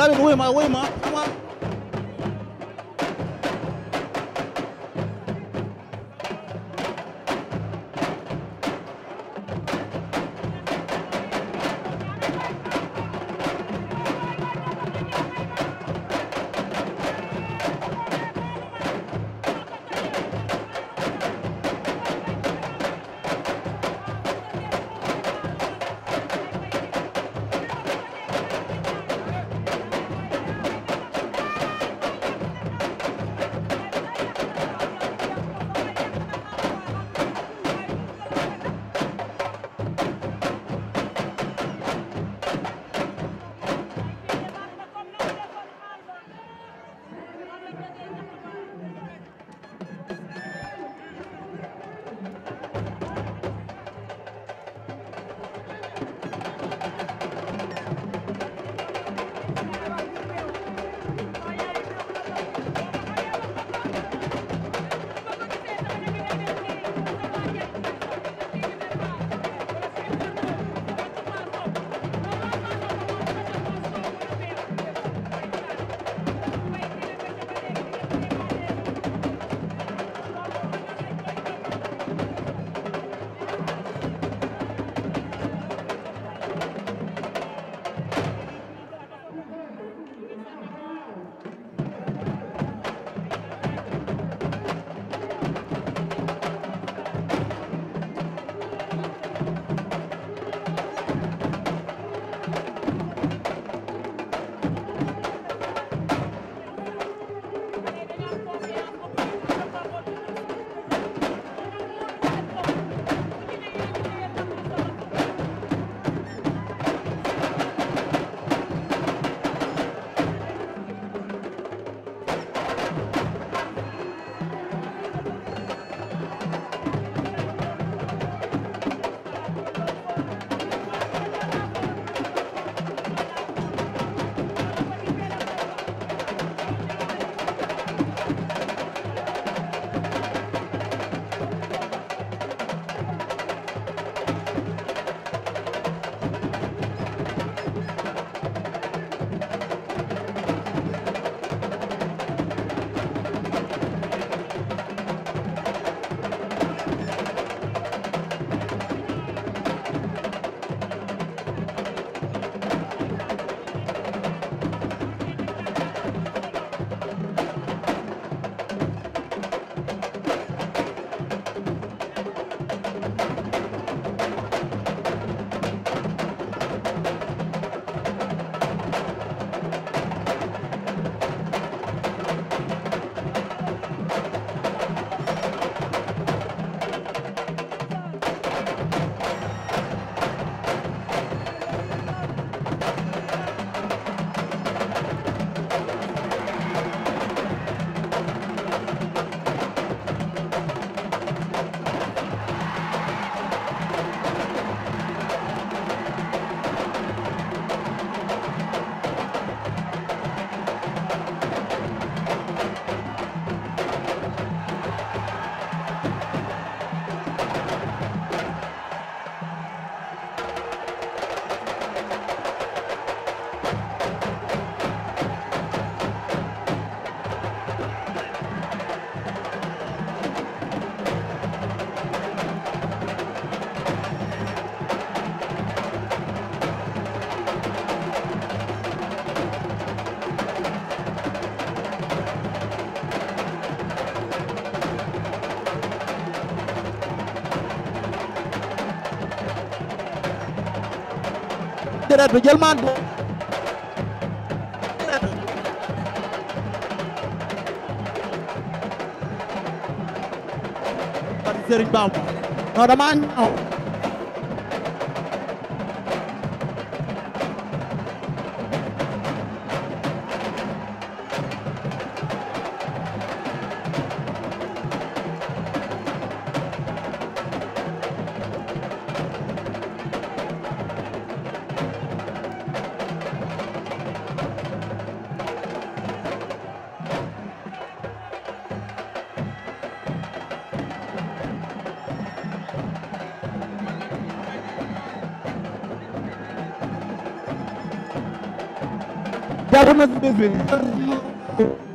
다음에 오해마 오해마 deret bi jël maan Serigne Bamba non dama ñëw na